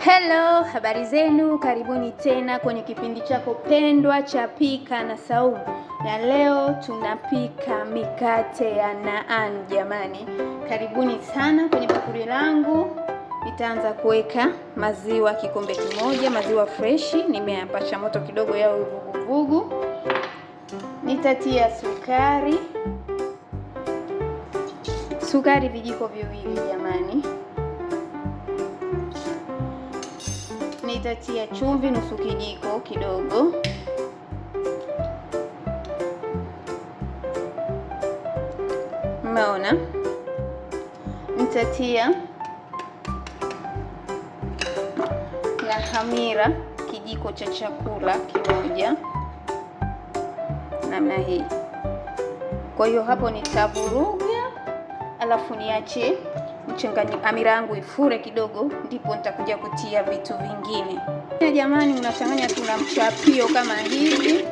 Hello, habari zenu, karibuni tena kwenye kipindi chako pendwa cha Pika na Saumu, na leo tunapika mikate ya naan. Jamani, karibuni sana. Kwenye bakuli langu nitaanza kuweka maziwa kikombe kimoja, maziwa freshi nimeyapasha moto kidogo yao vuguvugu. Nitatia sukari sukari vijiko viwili jamani, nitatia chumvi nusu kijiko kidogo, mmeona. Nitatia na hamira kijiko cha chakula kimoja, namna hii. Kwa hiyo hapo nitavuruga alafu niache mchanganyiko amira yangu ifure kidogo, ndipo nitakuja kutia vitu vingine. Na eh, jamani, unachanganya tu na mchapio kama hivi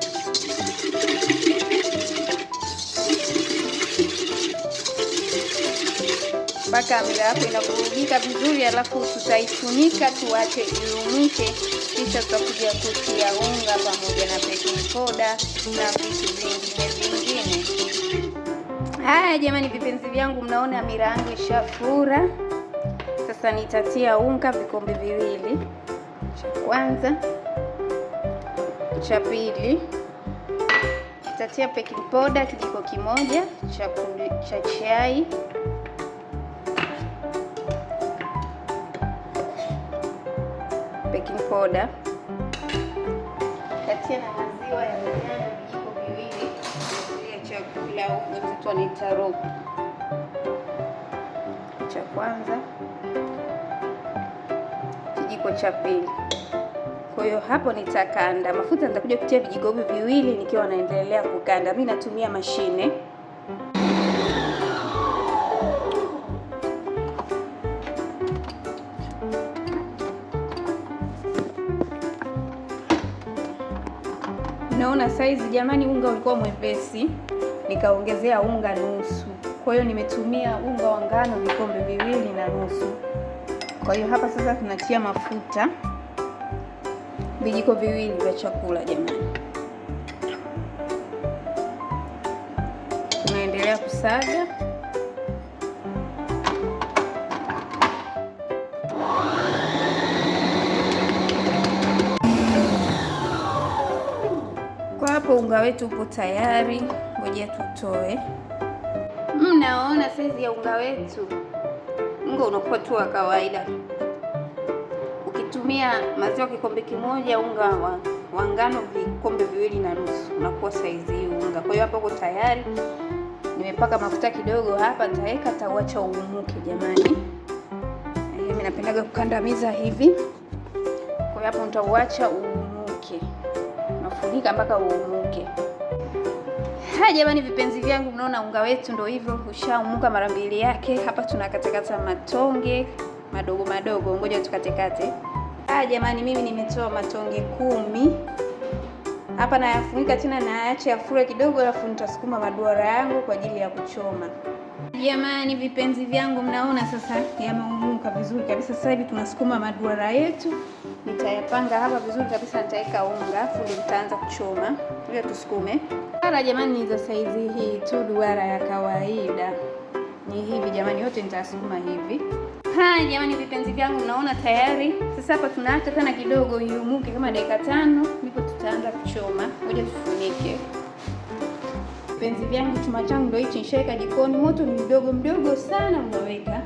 mpaka amira yako inavurugika vizuri, alafu tutaifunika tuache iumike, kisha tutakuja kutia unga pamoja na baking powder na vitu vingine vingi Haya jamani, vipenzi vyangu, mnaona hamira yangu ishafura. Sasa nitatia unga vikombe viwili, cha kwanza, cha pili. Nitatia baking powder kijiko kimoja cha cha chai baking powder, nitatia na maziwa ya mjani leo inaitwa ni tarot. Cha kwanza, kijiko cha pili. Kwa hiyo hapo nitakanda mafuta, nitakuja kutia vijiko hivi viwili nikiwa naendelea kukanda. Mimi natumia mashine Naona saizi jamani, unga ulikuwa mwepesi nikaongezea unga nusu. Kwa hiyo nimetumia unga wa ngano vikombe viwili na nusu. Kwa hiyo hapa sasa tunatia mafuta vijiko viwili vya chakula, jamani. Tunaendelea kusaga kwa hapo, unga wetu upo tayari. Ngoja tutoe. Mnaona mm, saizi ya unga wetu, unga unakuwa tu wa kawaida. Ukitumia maziwa kikombe kimoja, unga wa, wa ngano vikombe viwili na nusu, unakuwa saizi hii unga. Kwa hiyo hapa uko tayari. Nimepaka mafuta kidogo hapa, nitaweka tauacha uumuke jamani. Eh, mimi napendaga kukandamiza hivi, kwa hiyo hapo nitauacha uumuke, nafunika mpaka uumuke. Haya jamani, vipenzi vyangu, mnaona unga wetu ndio hivyo ushaumuka mara mbili yake. Hapa tunakatakata matonge madogo madogo, ngoja tukatekate. Haya ah, jamani, mimi nimetoa matonge kumi hapa, nayafunika tena, naache yafure kidogo, alafu nitasukuma maduara yangu kwa ajili ya kuchoma. Jamani, vipenzi vyangu, mnaona sasa yameumuka vizuri kabisa. Sasa hivi tunasukuma maduara yetu, nitayapanga hapa vizuri kabisa, nitaweka unga afu mtaanza kuchoma ili tusukume. Duara jamani, ni za saizi hii tu, duara ya kawaida ni hivi jamani, yote nitasukuma hivi. Haya jamani, vipenzi vyangu, mnaona tayari. Sasa hapa tunaacha tena kidogo iumuke kama dakika tano, ndipo tutaanza kuchoma. Ngoja tufunike vipenzi vyangu, chuma changu ndio hichi, nishaweka jikoni. Moto ni mdogo mdogo sana unaweka.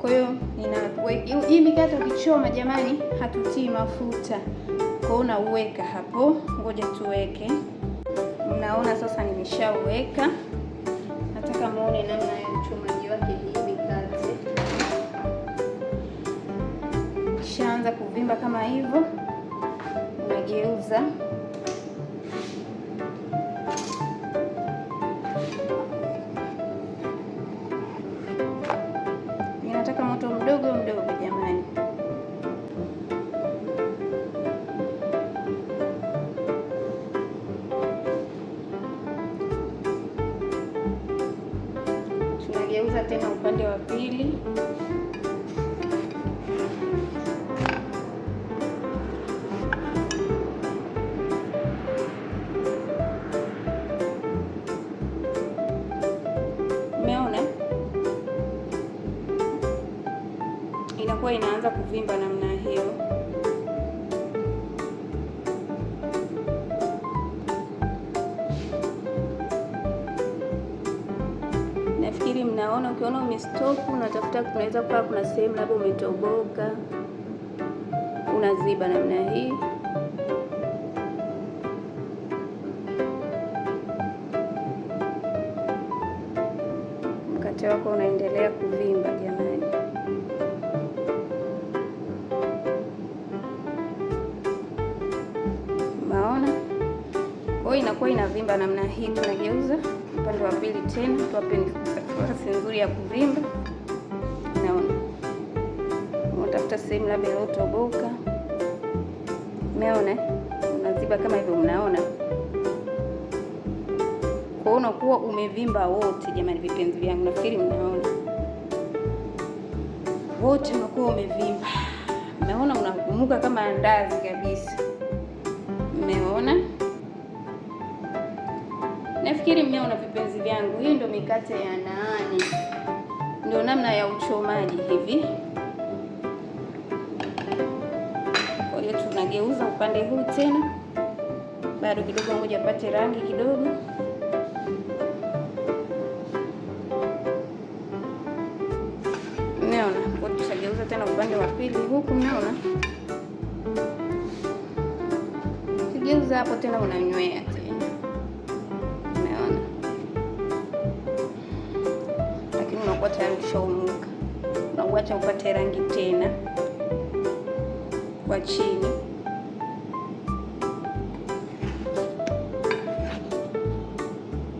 Kwa hiyo ninaweka hii mikate, ukichoma jamani, hatutii mafuta, kwa hiyo unauweka hapo. Ngoja tuweke, unaona sasa nimeshauweka. Nataka muone namna ya uchomaji wake hii mikate. Ishaanza kuvimba kama hivyo, unageuza tunageuza tena upande wa pili. Umeona inakuwa inaanza kuvimba na ili mnaona, ukiona umestop, unatafuta, kunaweza kuwa kuna sehemu labda umetoboka, unaziba namna hii. Mkate wako unaendelea kuvimba jamani. Maona kwa inakuwa inavimba namna hii, tunageuza upande wa pili tena tuwape nafasi nzuri ya kuvimba. Naona unatafuta sehemu labda iliyotoboka, umeona, unaziba kama hivyo, mnaona kwa unakuwa umevimba wote. Jamani vipenzi vyangu, nafikiri mnaona wote unakuwa umevimba. Umeona, unakumuka kama andazi kabisa, umeona nafikiri mmeona vipenzi vyangu, hii ndio mikate ya naani, ndio namna ya uchomaji hivi. Kwa hiyo tunageuza upande huu tena, bado kidogo, ngoja apate rangi kidogo. Mnaona, kwa tutageuza tena upande wa pili huku, mnaona, kigeuza hapo tena unanywea tayari ushaumuka, na upate rangi tena kwa chini.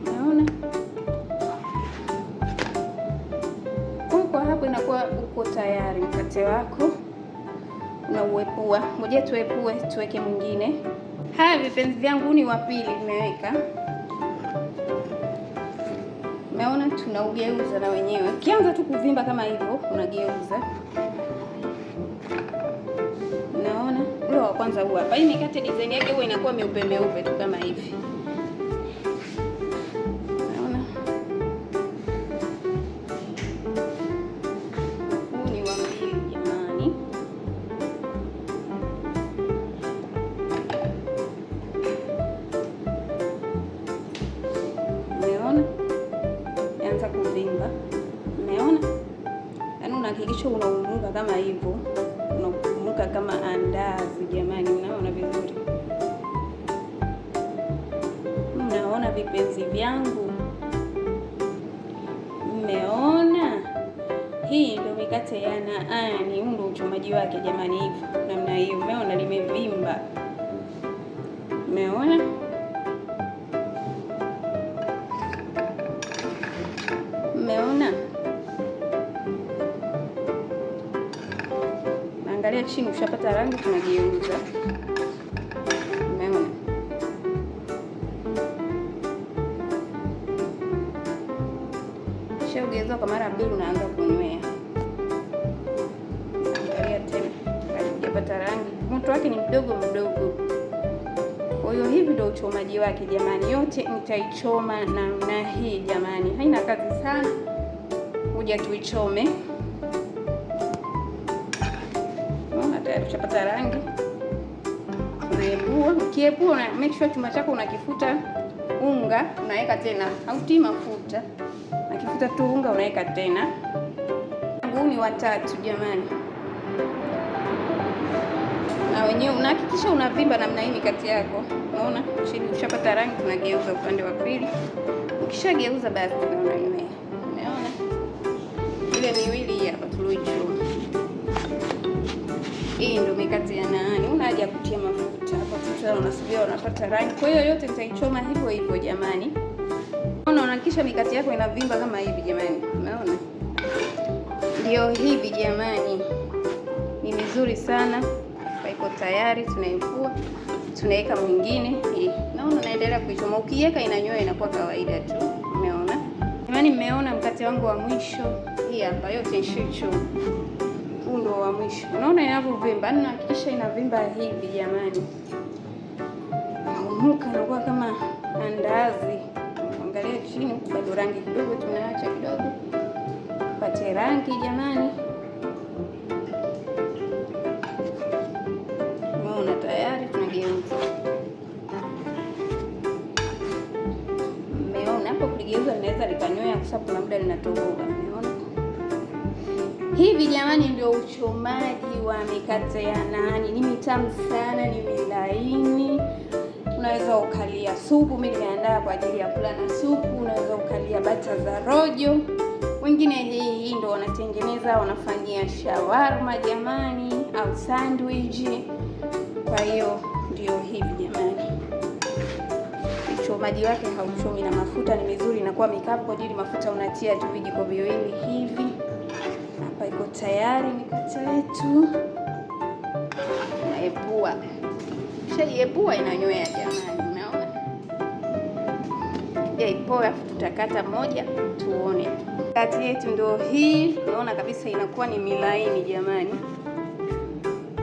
Naona huko hapo inakuwa uko tayari mkate wako uepua moja, tuepue tuweke mwingine. Haya vipenzi vyangu, ni wa pili nimeweka naona tunaugeuza na wenyewe, ukianza tu kuvimba kama hivyo unageuza. Naona ule wa kwanza huu hapa, hii mikate design yake huwa inakuwa meupe meupe tu kama hivi. hakikisha unaumuka kama hivyo, unaumuka kama andazi. Jamani, mnaona vizuri? Mnaona vipenzi vyangu, mmeona? Hii ndio mikate ya naani, huu ndio uchomaji wake jamani, hivi namna hiyo. umeona limevimba, mmeona? tunaangalia chini, ushapata rangi, tunageuza. Umeona? Ukishaugeuza kwa mara mbili, unaanza kunywea. Angalia tena, hujapata rangi. Moto wake ni mdogo mdogo. Kwa hiyo hivi ndio uchomaji wake jamani, yote nitaichoma namna hii jamani, haina kazi sana, huja tuichome. pata rangi, unaepua. Ukiepua una make sure chuma chako unakifuta unga, unaweka tena, hautii mafuta, nakifuta tu unga, unaweka tena. Huu ni watatu jamani, na wenyewe unahakikisha unavimba namna hii kati yako, unaona chini ushapata rangi, tunageuza upande wa pili. Ukishageuza basi, unaona, ile miwili Hii ndo mikate ya nani, una haja ya kutia mafuta kwa hapa, unasubiria unapata rangi. Kwa hiyo yote nitaichoma hivyo hivyo jamani. Unaona, kisha mikate yako inavimba kama hivi jamani, unaona? Ndio hivi jamani, ni mizuri sana. Iko tayari, tunaivua tunaweka mwingine. Naona naendelea kuichoma, ukiweka inanyoa, inakuwa kawaida tu. Umeona jamani, mmeona mkate wangu wa mwisho hii hapa, yote nishoichoma huu ndo wa mwisho. Unaona inavyovimba, yani nahakikisha inavimba hivi jamani, naumuka nakuwa kama andazi. Angalia chini bado rangi kidogo, tunaacha kidogo pate rangi jamani. Unaona tayari tunageuza, mmeona hapo kuligeuza linaweza likanyoya, kwa sababu kuna muda linatoboka Hivi jamani, ndio uchomaji wa mikate ya nani. Ni mitamu sana, ni milaini, unaweza ukalia supu. Mimi nimeandaa kwa ajili ya kula na supu, unaweza ukalia bata za rojo. Wengine hii hii ndio wanatengeneza wanafanyia shawarma jamani, au sandwich. Kwa hiyo ndio hivi jamani, uchomaji wake hauchomi na mafuta, ni mizuri, inakuwa mikavu kwa mafuta unatia tu vijiko viwili hivi tayari mikate yetu, naepua shaiepua, inanywea jamani, unaona jaipoa, afu tutakata moja tuone. Kati yetu ndio hii, unaona kabisa inakuwa ni milaini jamani,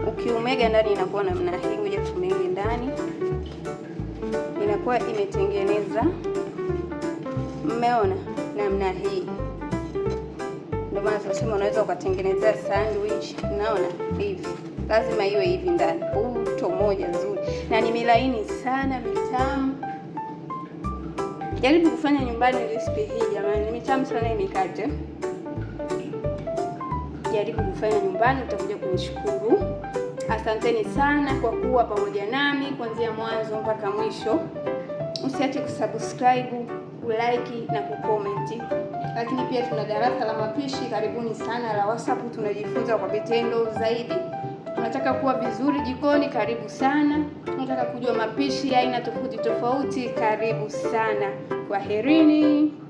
ukiumega ndani inakuwa namna hii, uja tumege ndani inakuwa imetengeneza, mmeona namna hii. Ndio maana tunasema unaweza ukatengenezea sandwich, unaona hivi, lazima iwe hivi ndani, uto moja nzuri na ni milaini sana, mitamu. Jaribu kufanya nyumbani recipe hii jamani, ni mitamu sana mikate. Jaribu kufanya nyumbani, utakuja kunishukuru. Asanteni sana kwa kuwa pamoja nami kuanzia mwanzo mpaka mwisho. Usiache kusubscribe, kulike na kukomenti lakini pia tuna darasa la mapishi, karibuni sana la WhatsApp, tunajifunza kwa vitendo zaidi. Unataka kuwa vizuri jikoni, karibu sana. Unataka kujua mapishi aina tofauti tofauti, karibu sana. Kwaherini.